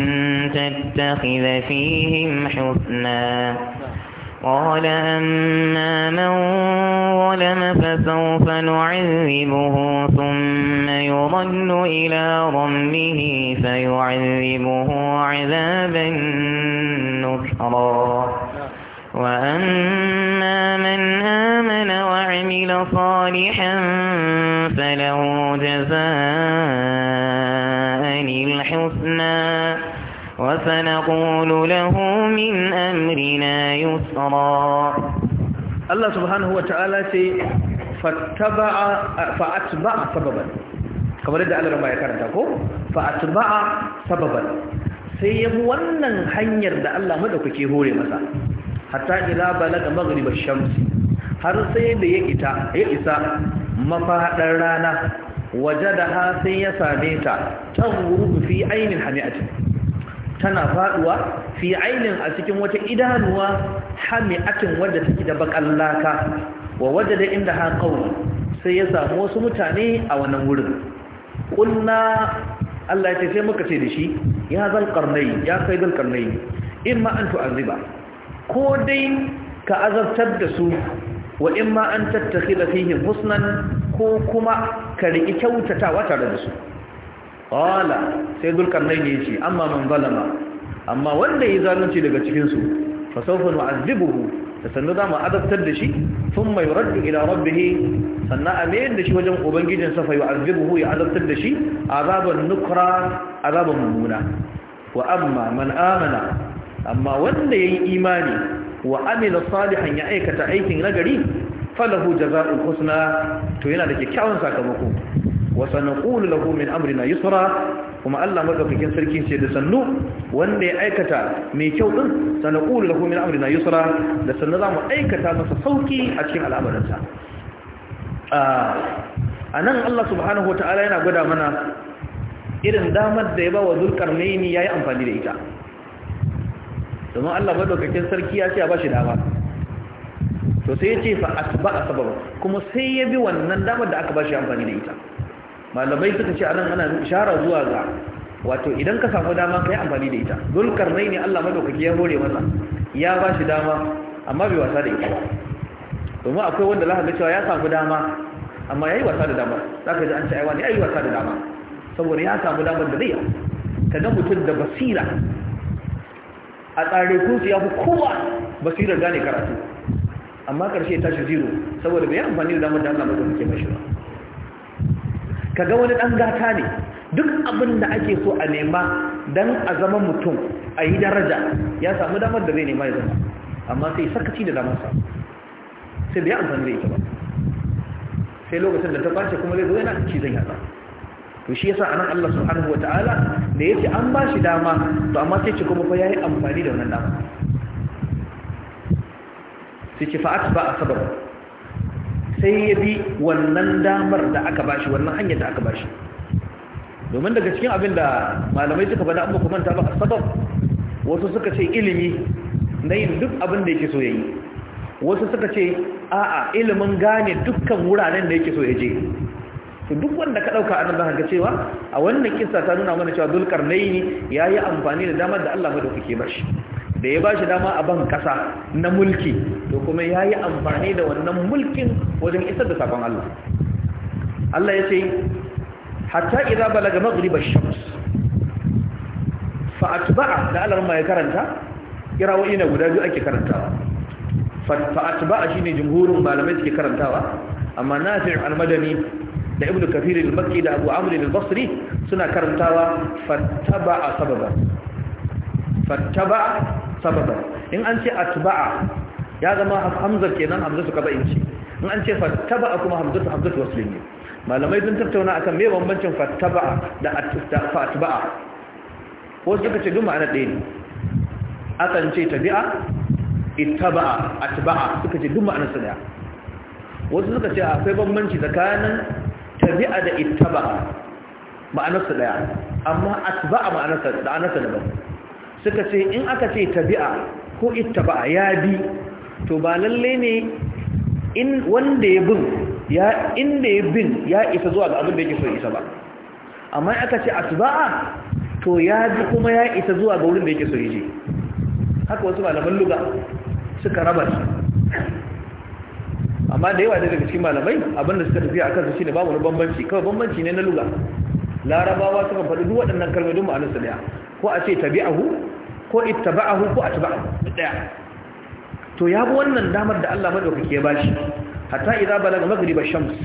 B: تتخذ فيهم حسنا قال أما من ظلم فسوف نعذبه ثم يرد إلى ربه فيعذبه عذابا نكرا وأما من آمن وعمل صالحا فله جزاء الحسنى وسنقول له من أمرنا يسرا الله سبحانه وتعالى سي فاتبع
A: فأتبع سببا كما رد على رمى يكارن فأتبع سببا سيبوانا حنير دا الله مدوك كيهوري مثلا hatta ila balaga maghriba shamsi har sai da ya ita ya isa mafadar rana wajadaha sai ya same ta tanghuru fi ainin hami'atin tana faduwa fi ainin a cikin wata idanuwa hami'atin wadda take da bakallaka. Wa wa wajada inda ha qawl sai ya samu wasu mutane a wannan wurin kulna Allah ya ce sai muka ce da shi ya zal qarnai ya kai zal qarnai imma an tu'aziba ko dai ka azabtar da su wa in ma an tattakhila fihim husnan ko kuma ka riki kyautatawa tare da su qala sai ne yace amma man zalama amma wanda ya zalunci daga cikin su fa sawfa nu'azzibuhu sannan za mu azabtar da shi thumma yuraddu ila rabbih sannan a mayar da shi wajen ubangijin sa fa yu'azzibuhu ya azabtar da shi azaban nukra azaban mumuna wa amma man amana amma wanda ya yi imani wa amina salihan ya aikata aikin nagari falahu jazaa'ul husna to yana da kyakkyawan sakamako wa sanaqulu lahu min amrina yusra kuma Allah madaukakin sarki ce da sannu wanda ya aikata mai kyau din sanaqulu lahu min amrina yusra da sannu za mu aikata masa sauki a cikin al'amuransa a nan Allah subhanahu wataala yana gwada mana irin damar da ya ba wa zulkarnaini yayi amfani da ita domin Allah dokakin sarki ya ce a bashi dama to sai ya ce fa asba asbab kuma sai ya bi wannan damar da aka bashi amfani da ita malamai suka ce anan ana ishara zuwa ga wato idan ka samu dama kai amfani da ita dulkarnai ne Allah dokaki ya hore masa ya bashi dama amma bai wasa da ita ba domin akwai wanda laha da ga cewa ya samu dama amma yayi wasa da dama za ka ji an ce ai wani yayi wasa da dama saboda ya samu damar da zai ka ga mutum da basira a tsarikun su ya fi kowa basirar gane karatu amma ƙarshe ta shi zero saboda bai amfani da damar da muke mai ke mashi ba ga wani ɗan gata ne duk abin da ake so a nema don a zama mutum a yi daraja ya samu damar da zai nema ya zama amma sai sarkaci da damar samu sai bai amfani da ita ba sai lokacin da ta kwace kuma zai zo yana cizon yasa to shi yasa anan Allah subhanahu wataala da yake an ba shi dama to amma sai ce kuma fa yayi amfani da wannan dama sai ce fa atba sabab sai ya bi wannan damar da aka bashi wannan hanyar da aka bashi domin daga cikin abin da malamai suka bada an kuma manta ba sabab wasu suka ce ilimi na yin duk abin da yake so yayi wasu suka ce a'a ilimin gane dukkan wuraren da yake so ya je to duk wanda ka dauka annabi zaka ga cewa a wannan kissa ta nuna mana cewa dulkarnaini yayi amfani da damar da Allah madaukake bashi da ya bashi dama a ban kasa na mulki to kuma yayi amfani da wannan mulkin wajen isar da sakon Allah Allah yace hatta idza balaga maghrib ash-shams fa atba'a da Allah mai karanta, karanta kirawoyi na guda biyu ake karantawa fa atba'a shine jumhurun malamai suke karantawa amma nafi' al-madani da ibnu kafir al-makki da abu amr al-basri suna karantawa fattaba sababa fattaba sababa in an ce atba'a ya zama hamza kenan hamza su kaza in ce in an ce fattaba kuma hamza hamza waslin ne malamai sun tattauna akan me bambancin fattaba da atba'a ko suka ce duk ma'ana ɗaya ne akan ce tabi'a ittaba'a atba'a suka ce duk ma'anar su wasu suka ce akwai bambanci tsakanin tabi'a da ittaba ma'anarsa daya amma atba'a ma'anarsa da anarsa daban suka ce in aka ce tabi'a ko ittaba ya bi to ba lalle ne in wanda ya bin ya inda ya bin ya isa zuwa ga abin da yake so isa ba amma aka ce atba'a to ya bi kuma ya isa zuwa ga wurin da yake so yaje haka wasu malaman luga suka raba shi amma da yawa daga cikin malamai abinda suka tafiya a kansu shine babu wani bambanci kawai bambanci ne na lugha larabawa suka faɗi duk waɗannan don ma'anarsa daya ko a ce tabi'ahu ko ittaba'ahu ko atba'ahu daya to ya bi wannan damar da Allah madaukake ya bashi hatta idza balaga ash shams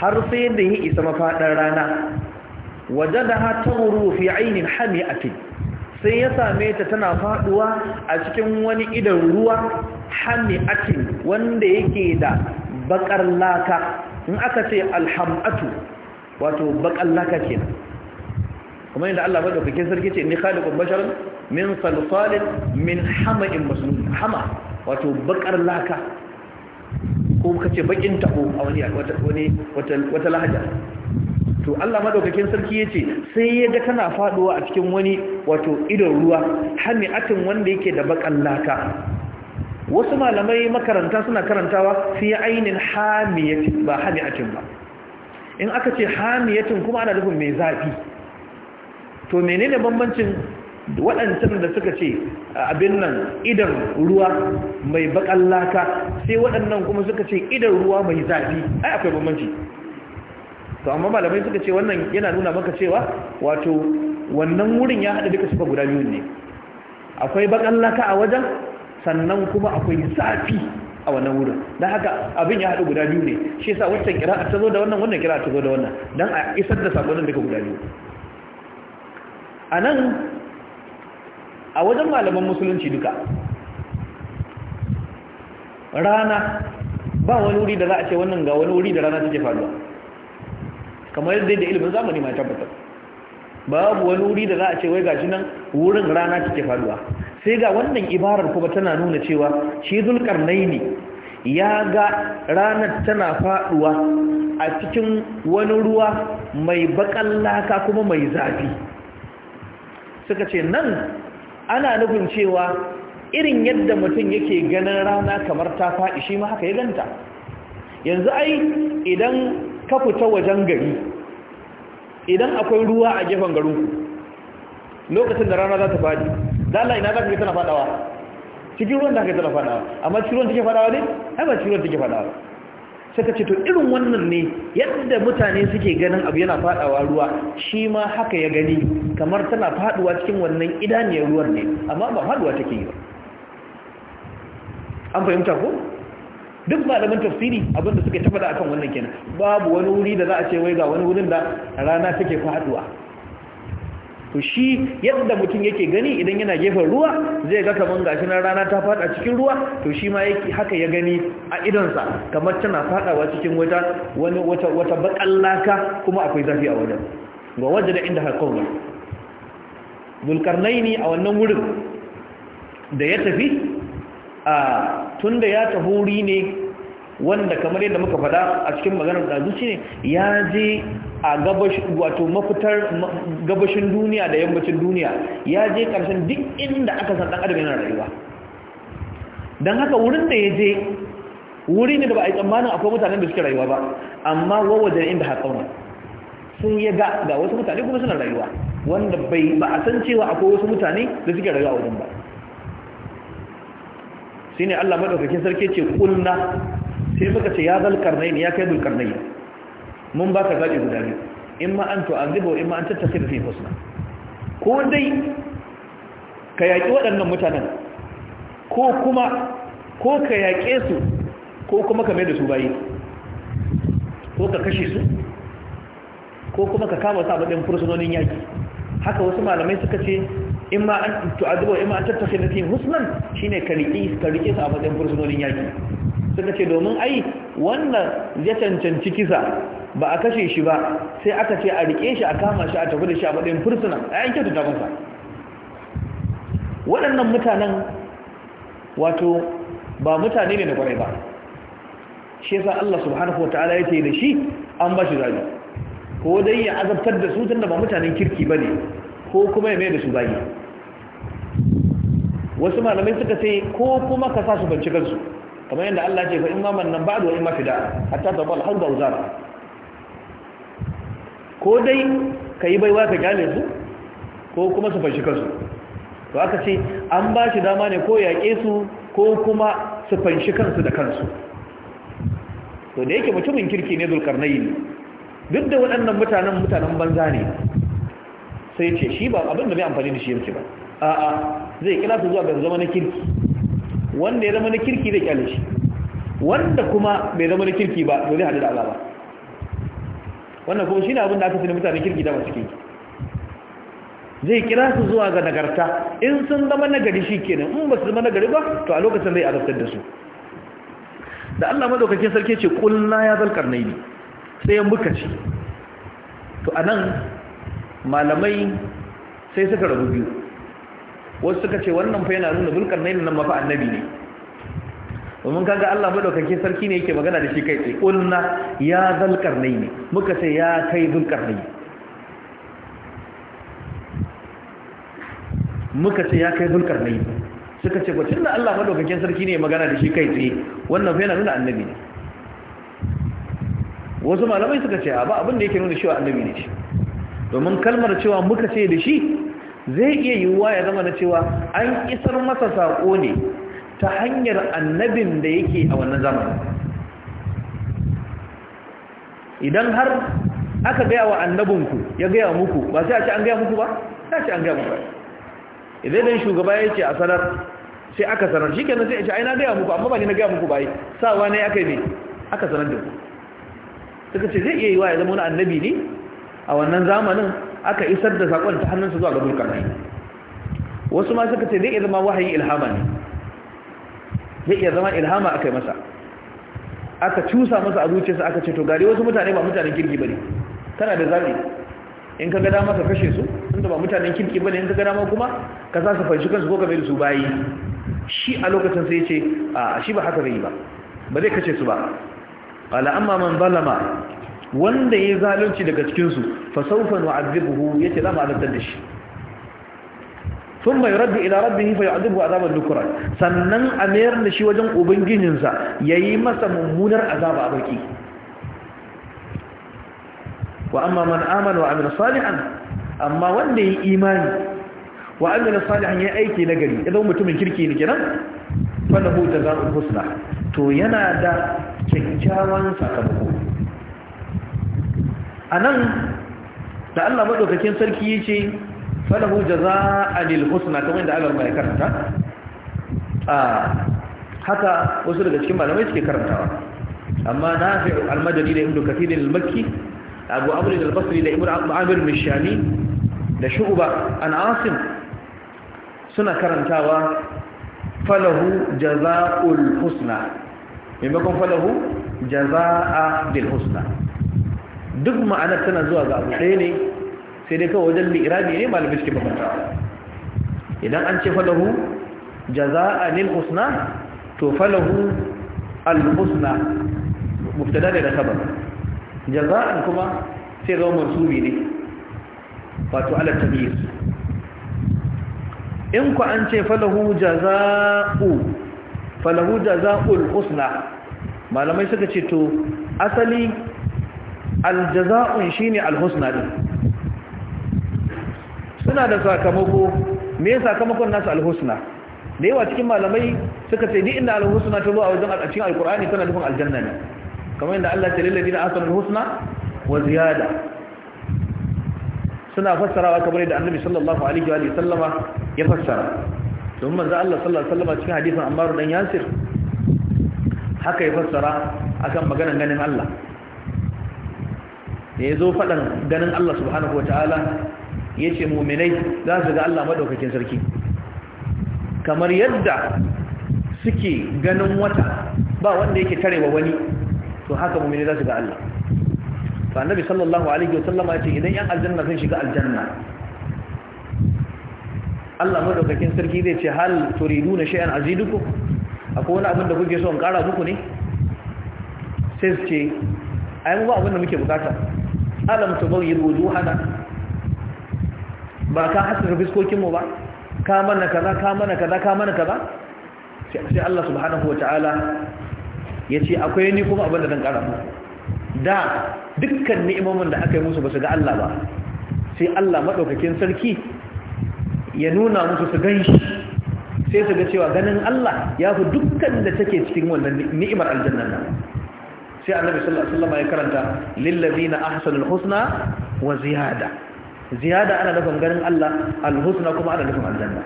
A: har sai yadda ya isa mafadar rana wajadaha tawru fi aynin hami'atin sai ya same ta tana faduwa a cikin wani idan ruwa hami'atin wanda yake da bakar laka in aka ce alhamatu wato bakar laka kenan kuma inda Allah madaukakin sarki ce ni khaliqun basharan min salsalin min hama'in masnun hama wato bakar laka ko kace bakin tabo a wani wata wata lahaja to Allah madaukakin sarki yace sai ya ga kana faduwa a cikin wani wato idan ruwa hami'atin wanda yake da bakan laka wasu malamai makaranta suna karantawa fi ainin hamiyatin ba hamiyatin ba in aka ce hamiyatin kuma ana nufin mai zafi to menene bambancin waɗancan da suka ce abin nan idan ruwa mai bakan laka sai waɗannan kuma suka ce idan ruwa mai zafi ai akwai bambanci to amma malamai suka ce wannan yana nuna maka cewa wato wannan wurin ya haɗa duka suka guda biyu ne akwai bakan laka a wajen sannan kuma akwai zafi a wannan wurin don haka abin ya haɗu guda biyu ne shi yasa wancan kira ta zo da wannan wannan kira ta zo da wannan don a isar da sakonin ka guda biyu a nan a wajen malaman musulunci duka rana ba wani wuri da za a ce wannan ga wani wuri da rana take faruwa kamar yadda da ilimin zamani ma tabbatar babu wani wuri da za a ce wai gashi nan wurin rana take faruwa sai ga wannan ibarar kuma tana nuna cewa shi ne, ya ga ranar tana faɗuwa a cikin wani ruwa mai bakan laka kuma mai zafi suka ce nan ana nufin cewa irin yadda mutum yake ganin rana kamar ta faɗi shi ma haka ya ganta yanzu ai idan ka fita wajen gari idan akwai ruwa a gefen garinku lokacin da rana za ta faɗi Dala Allah ina za ka tana fadawa cikin ruwan da ke tana fadawa amma cikin ruwan take fadawa ne haka ba cikin ruwan take fadawa sai ka ce to irin wannan ne yadda mutane suke ganin abu yana fadawa ruwa shi ma haka ya gani kamar tana faduwa cikin wannan idaniyar ruwan ne amma ba faduwa take yi ba an fahimta ko duk da tafsiri abinda suke tafada akan wannan kenan babu wani wuri da za a ce wai ga wani wurin da rana take faduwa to shi yadda mutum yake gani idan yana gefen ruwa zai ga kaman gashi na rana ta fada cikin ruwa to shi ma yake haka ya gani a idonsa kamar tana fadawa cikin wata wani wata wata bakallaka kuma akwai zafi a wajen wa wajada inda halqawma dulkarnaini a wannan wurin da ya tafi a tunda ya tafi ne wanda kamar yadda muka faɗa a cikin maganar dazu shi ne ya je a wato mafitar gabashin duniya da yammacin duniya ya je ƙarshen duk inda aka san ɗan adam yana rayuwa don haka wurin da ya je wuri ne da ba a yi tsammanin akwai mutanen da suke rayuwa ba amma wawajen inda tsauna sun yi ga ga wasu mutane kuma suna rayuwa wanda bai ba a san cewa akwai wasu mutane da suke rayuwa wajen ba ne Allah maɗaukakin sarki ce kulna sai muka ce ya zalkarnai ne ya kai dulkarnai mun ba ka zaɓi guda biyu in ma an tu'azibu in ma an tattafi da fi husna ko dai ka yaƙi waɗannan mutanen ko kuma ko ka yaƙe su ko kuma ka mai da su bayi ko ka kashe su ko kuma ka kama sababbin fursunonin yaƙi haka wasu malamai suka ce in ma an tu'azibu in ma an tattafi da fi husnan ne ka riƙe su a matsayin fursunonin yaƙi suka ce domin ai wannan ya cancanci kisa ba a kashe shi ba sai aka ce a rike shi a kama shi a tafi da shi a baɗin fursuna a yankin da tafasa. waɗannan mutanen wato ba mutane ne na kwarai ba shi yasa Allah subhanahu wa ta'ala ya ce da shi an ba shi zabi ko dai ya azabtar da su da ba mutanen kirki ba ne ko kuma ya mai da su zagi wasu malamai suka ce ko kuma ka sa su banci su. kamar yadda Allah ce fa imma man nan ba da, in ma fida hatta tabal har da uzar ko dai kai baiwa ka gane su ko kuma su fanshi kansu to aka ce an ba shi dama ne ko yaƙe su ko kuma su fanshi kansu da kansu to da yake mutumin kirki ne zulkarnayi ne duk da waɗannan mutanen mutanen banza ne sai ce shi ba abin da bai amfani da shi yake ba a'a zai kira su zuwa ga zama na kirki wanda ya zama na kirki zai kyale shi wanda kuma bai zama na kirki ba to zai hadu da azaba wannan kuma shine abin da aka sani mutane kirki da masu kirki zai kira su zuwa ga nagarta in sun zama nagari kenan in ba su zama nagari ba to a lokacin zai azabtar da su da Allah madaukakin sarki ce na ya zalkar ne sai muka ce to anan malamai sai suka rabu biyu wasu suka ce wannan fa yana nuna bulkar nailin nan mafi annabi ne domin kaga Allah madaukake sarki ne yake magana da shi kai tsaye kulna ya zalkar nailin muka ce ya kai zulkar nailin muka ce ya kai zulkar nailin suka ce bacin da Allah madaukakin sarki ne magana da shi kai tsaye wannan fa yana nuna annabi ne wasu malamai suka ce a ba abin da yake nuna shi annabi ne shi domin kalmar cewa muka ce da shi zai iya yiwuwa ya zama na cewa an isar masa saƙo ne ta hanyar annabin da yake a wannan zamanin idan har aka gaya wa annabinku ya gaya muku ba sai a ce an gaya muku ba sai a ce an gaya muku ba. idan dan shugaba ya ce a sanar sai aka sanar shi kenan sai a ce ai na gaya muku amma ba ni na gaya muku ba yi sawa ne aka yi aka sanar da ku suka ce zai iya wa ya zama wani annabi ne a wannan zamanin aka isar da saƙon ta hannunsa zuwa ga dukkanai wasu ma suka ce zai iya zama wahayi ilhama ne zai iya zama ilhama aka yi masa aka cusa masa a zuciyarsa aka ce to gari wasu mutane ba mutanen kirki bane kana da zabi in ka ga dama kashe su inda ba mutanen kirki bane in ka ga dama kuma ka sa su fanshi kansu ko ka mai da su bayi shi a lokacin sai ce a shi ba haka zai ba ba zai kashe su ba qala amma man zalama wanda ya zalunci daga cikinsu fasaufa nu'azzibuhu yace za mu azabtar da shi thumma yuraddu ila rabbihi fa yu'adhibu azaban nukra sannan a mayar da shi wajen ya yi masa mummunar azaba a baki wa amma man amana wa Amina salihan amma wanda ya yi imani wa Amina salihan ya aiki nagari zama mutumin kirki ne kenan fa za jazaa'ul husna to yana da kyakkyawan sakamako a nan da Allah maɗaukakin sarki ya ce falahu jaza a husna, kamar yadda Allah mai karanta haka wasu daga cikin malamai suke karantawa amma na fi almadari da ibn kafirin al-makki abu amri da basri da ibn amir mishani da shu'uba an asim suna karantawa falahu jaza'ul husna maimakon falahu jaza'a bil husna duk ma'anar tana zuwa ga abu ɗaya ne sai dai kawai wajen mi'irabi ne malamai suke bambanta idan an ce falahu jazaanil lil husna to falahu al husna ne da khabar jaza'an kuma sai zama mansubi ne wato ala tabiyyar in ku an ce falahu jaza'u falahu jaza'ul husna malamai suka ce to asali aljaza'un shine alhusna din suna da sakamako me ya sakamakon nasu alhusna da yawa cikin malamai suka ce ni inda alhusna ta zo a wajen alƙacin alƙur'ani tana nufin aljanna ne kamar yadda Allah ta lallabi da asan alhusna wa ziyada suna fassarawa kamar yadda annabi sallallahu alaihi wa sallama ya fassara don manzo Allah sallallahu alaihi wa cikin hadisin Ammar dan Yasir haka ya fassara akan maganar ganin Allah da ya zo faɗan ganin Allah subhanahu wata'ala ya ce muminai za su ga Allah maɗaukakin sarki kamar yadda suke ganin wata ba wanda yake tarewa wani to haka muminai za su ga Allah fa annabi sallallahu alaihi wa ya ce idan yan aljanna sun shiga aljanna Allah maɗaukakin sarki zai ce hal turiduna shay'an azidukum akwai wani abin da kuke so in ƙara muku ne sai su ce ai mu ba abin da muke bukata alam tubayyir wujuhana ba ka haskaka fiskokin mu ba ka mana kaza ka mana kaza ka mana kaza sai Allah subhanahu wataala yace akwai ni kuma abin da zan kara da dukkan ni'imomin da aka yi musu ba su ga Allah ba sai Allah madaukakin sarki ya nuna musu su gan sai su ga cewa ganin Allah ya fi dukkan da take cikin wannan ni'imar aljanna nan sai annabi sallallahu alaihi wasallam ya karanta lil ladina ahsanul husna wa ziyada ziyada ana nufin garin Allah al husna kuma ana nufin aljanna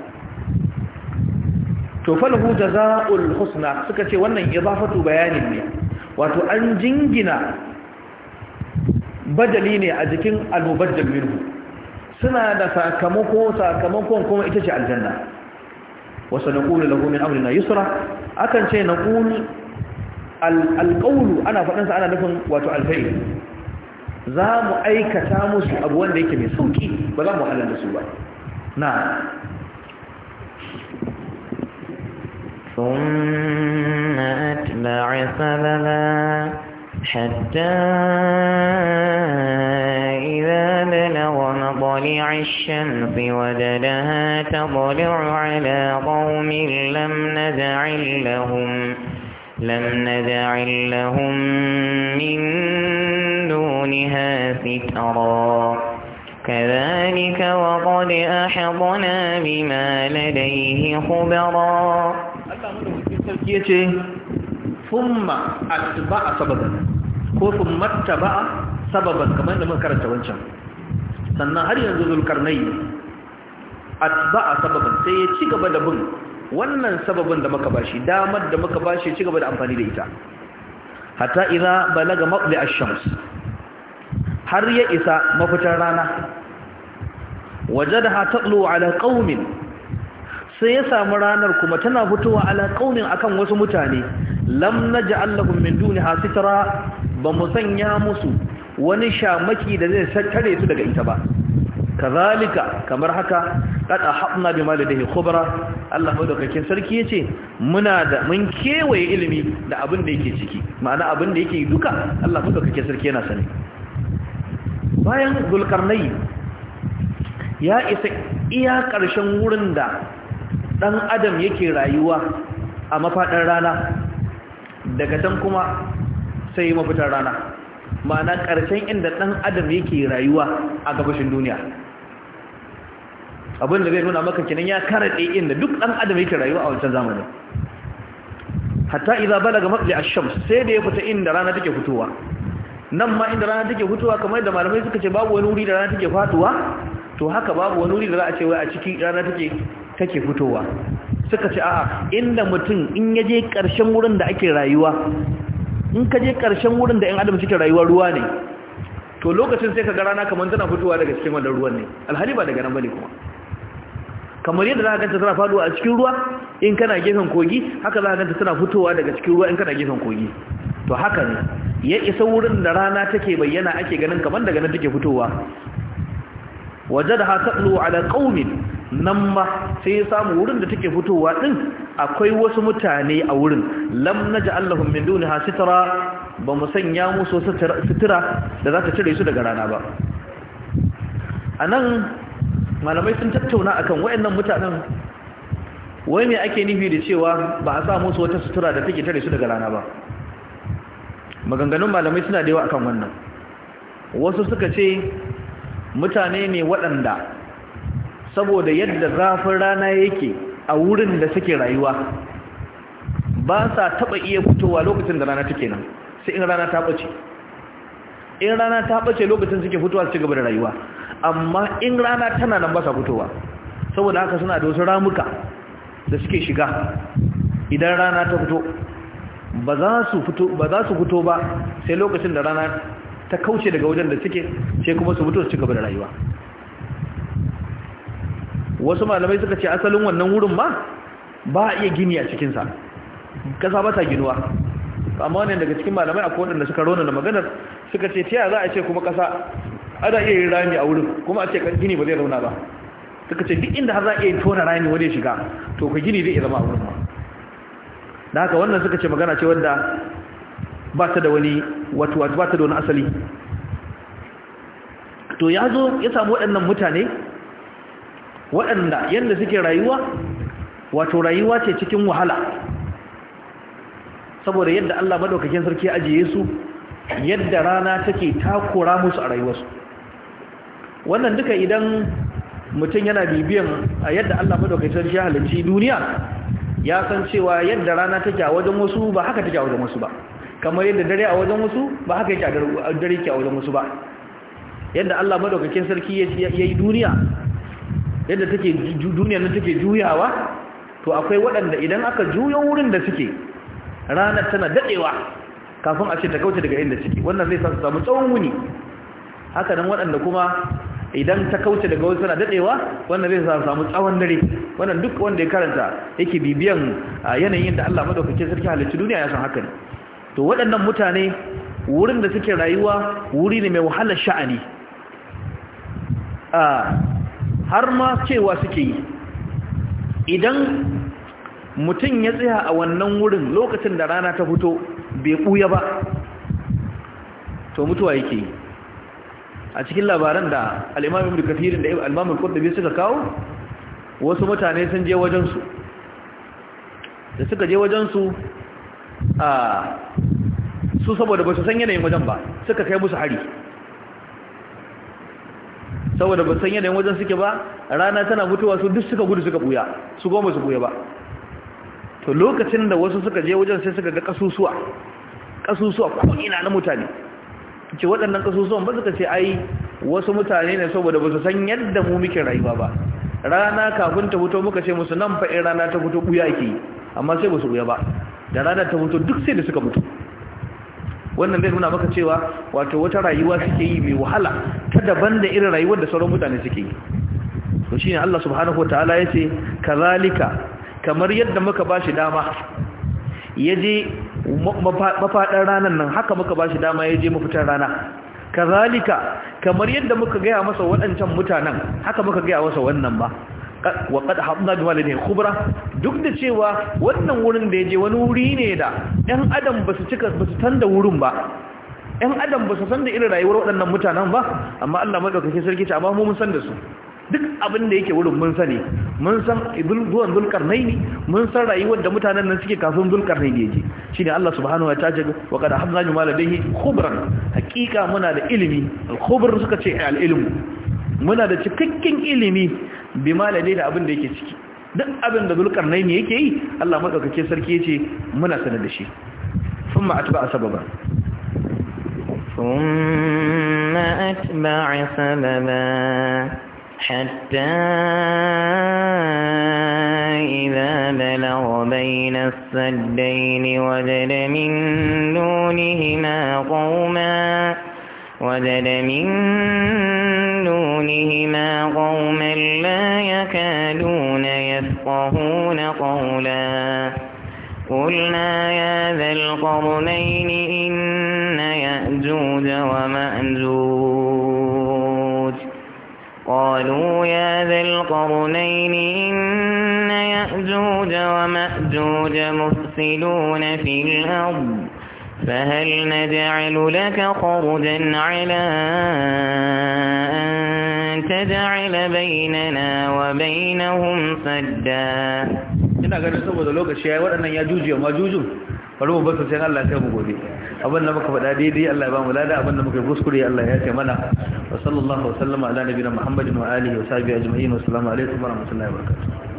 A: to falahu jazaa'ul husna suka ce wannan idafatu bayanin ne wato an jingina badali ne a jikin al-mubaddal minhu suna da sakamako sakamakon kuma ita ce aljanna wasu na ƙuli lagu min amurina yusra akan ce na alƙaunu ana faɗansa ana nufin wato alfai za mu aikata musu abu wanda yake mai sauƙi ba za mu halar da su ba na
B: ثم أتبع سببا حتى إذا بلغ مطلع الشمس وجدها تطلع على قوم لم نجعل لهم لم ندع لهم من دونها سترا كذلك وقد أ بما لديه خبرا ثم اتبع سببا ثم اتبع
A: سببا كما لم ك ر ت وانشا سنهار ينزل الكرنين اتبع سببا سيتشيك بدبن wannan sababin da muka bashi damar da muka bashi ci gaba da amfani da ita hatta idza balaga maqdi a shams har ya isa mafitar rana Waje da ala qaumin sai ya samu ranar kuma tana fitowa ala qaumin akan wasu mutane lam ji lahum min duniha sitara ba mu sanya musu wani shamaki da zai tattare su daga ita ba kazalika kamar haka kada hafna bi ladayhi khubra Allah madaukakin sarki yace muna da mun kewaye ilimi da abin da yake ciki ma'ana abin da yake duka Allah madaukakin sarki yana sani bayan dulqarnai ya isa iya karshen wurin da dan adam yake rayuwa a mafadar rana daga can kuma sai mafitar rana ma'ana ƙarshen inda ɗan adam yake rayuwa a gabashin duniya abin da zai nuna maka kinan ya karaɗe inda duk ɗan adam yake rayuwa a wancan zamanin hatta idza balaga matli ash-shams sai da ya fita inda rana take fitowa nan ma inda rana take fitowa kamar da malamai suka ce babu wani wuri da rana take faduwa to haka babu wani wuri da za a ce wai a cikin rana take take fitowa suka ce a'a inda mutum in ya je ƙarshen wurin da ake rayuwa in ka je ƙarshen wurin da 'yan adam suke rayuwa ruwa ne to lokacin sai ka ga rana kamar tana fitowa daga cikin wannan ruwan ne alhali ba daga nan bane kuma kamar yadda za a ganta tana faduwa a cikin ruwa in kana gefen kogi haka za a ganta tana fitowa daga cikin ruwa in kana gefen kogi to haka ne ya isa wurin da rana take bayyana ake ganin kamar daga nan take fitowa wajadaha da ala qaumin nan ma sai ya samu wurin da take fitowa din akwai wasu mutane a wurin lam naj'alhum min dunha sitra ba mu sanya musu sitra da za ta cire su daga rana ba anan malamai sun tattauna akan wayannan mutanen wai me ake nufi da cewa ba a sa musu wata sutura da take tare su daga rana ba maganganun malamai suna da yawa akan wannan wasu suka ce mutane ne waɗanda saboda yadda zafin rana yake a wurin da suke rayuwa ba sa taɓa iya fitowa lokacin da rana take nan sai in rana ta ɓace in rana ta ɓace lokacin suke fitowa su ci gaba da rayuwa amma in rana tana nan ba sa fitowa saboda haka suna da wasu ramuka da suke shiga idan rana ta fito ba za su fito ba sai lokacin da rana ta kauce daga wajen da suke sai kuma su fito su cigaba da rayuwa wasu malamai suka ce asalin wannan wurin ma ba a iya gini a cikinsa kasa ba ta ginuwa amma wani daga cikin malamai akwai da suka rona da maganar suka ce ta za a ce kuma kasa ana iya yin rami a wurin kuma a ce gini ba zai zauna ba suka ce duk inda har za a iya tona rami wani ya shiga to ka gini zai iya zama a wurin ba da haka wannan suka ce magana ce wadda ba ta da wani wato wato ba ta da wani asali to ya zo ya samu waɗannan mutane waɗanda yadda suke rayuwa wato rayuwa ce cikin wahala saboda yadda Allah madaukakin sarki ya ajiye su yadda rana take takura musu a rayuwarsu wannan duka idan mutum yana bibiyan a yadda Allah madaukakin ya halicci duniya ya san cewa yadda rana take a wajen wasu ba haka take a wajen wasu ba kamar yadda dare a wajen wasu ba haka yake a dare ke a wajen wasu ba yadda Allah madaukakin sarki ya yi duniya yadda take duniya nan take juyawa to akwai waɗanda idan aka juyo wurin da suke ranar tana dadewa kafin a ce ta kauce daga inda suke wannan zai samu tsawon wuni haka nan waɗanda kuma idan ta kauce daga wasu suna dadewa wannan zai samu tsawon dare wannan duk wanda ya karanta yake bibiyan ah, yanayin da Allah madaukakin sarki halittu duniya ya san haka ne to waɗannan mutane wurin da suke rayuwa wuri ne mai wahalar sha'ani ah, har ma cewa suke yi idan mutum ya tsaya a wannan wurin lokacin da rana ta fito bai ɓuya ba to mutuwa yake yi a cikin labaran da al'imam ibn kafirin da al'imam al suka kawo wasu mutane sun je wajensu da suka je wajensu su a su saboda ba su san yanayin wajen ba suka kai musu hari saboda ba san yanayin wajen suke ba rana tana mutuwa su duk suka gudu suka buya su goma su buya ba to lokacin da wasu suka je wajen sai suka ga kasusuwa kasusuwa ko ina na mutane ce waɗannan ƙasusuwan ba suka ce ai wasu mutane ne saboda ba su san yadda mu muke rayuwa ba rana kafin ta fito muka ce musu nan fa'in rana ta fito ɓuya ake amma sai ba su ɓuya ba da rana ta fito duk sai da suka mutu wannan bai nuna maka cewa wato wata rayuwa suke yi mai wahala ta daban da irin rayuwar da sauran mutane suke yi to shine Allah subhanahu wataala yace kazalika kamar yadda muka bashi dama yaje mafaɗan ranar nan haka muka ba shi dama ya je mafitar rana kazalika kamar yadda muka gaya masa waɗancan mutanen haka muka gaya masa wannan ba wa qad habna bi walidin khubra duk da cewa wannan wurin da yaje wani wuri ne da ɗan adam su cika su tanda wurin ba ɗan adam ba su san da irin rayuwar waɗannan mutanen ba amma Allah madaukake sarki ta amma mu mun san da su duk abin da yake wurin mun sani mun san zuwan zulkarnaini mun san rayuwar da mutanen nan suke kafin zulkarnaini yake shine Allah subhanahu wa ta'ala wa qad hamza ni malabihi khubran hakika muna da ilimi al-khubr suka ce al-ilmu muna da cikakken ilimi bi malade da abin da yake ciki duk abin da zulkarnaini yake yi Allah madaukake sarki yace muna sana da shi thumma atba'a sababa
B: ثم أتبع سببا حتى إذا بلغ بين السدين وجد من دونهما قوما وجد من دونهما قوما لا يكادون يفقهون قولا قلنا يا ذا القرنين إن يأجوج ومأجوج قالوا يا ذا القرنين إن يأجوج ومأجوج مفسدون في الأرض فهل نجعل لك خرجا على أن تجعل بيننا وبينهم سدا ina ganin saboda lokaci yayi waɗannan ya juje
A: bari mu basu sai Allah sai mu gobe abin da muka faɗa daidai Allah ya ba mu lada abin da muka kuskure Allah ya ce mana wa sallallahu wa sallama ala nabiyina muhammadin wa alihi wa sahbihi ajma'in wa assalamu alaikum wa rahmatullahi wa barakatuh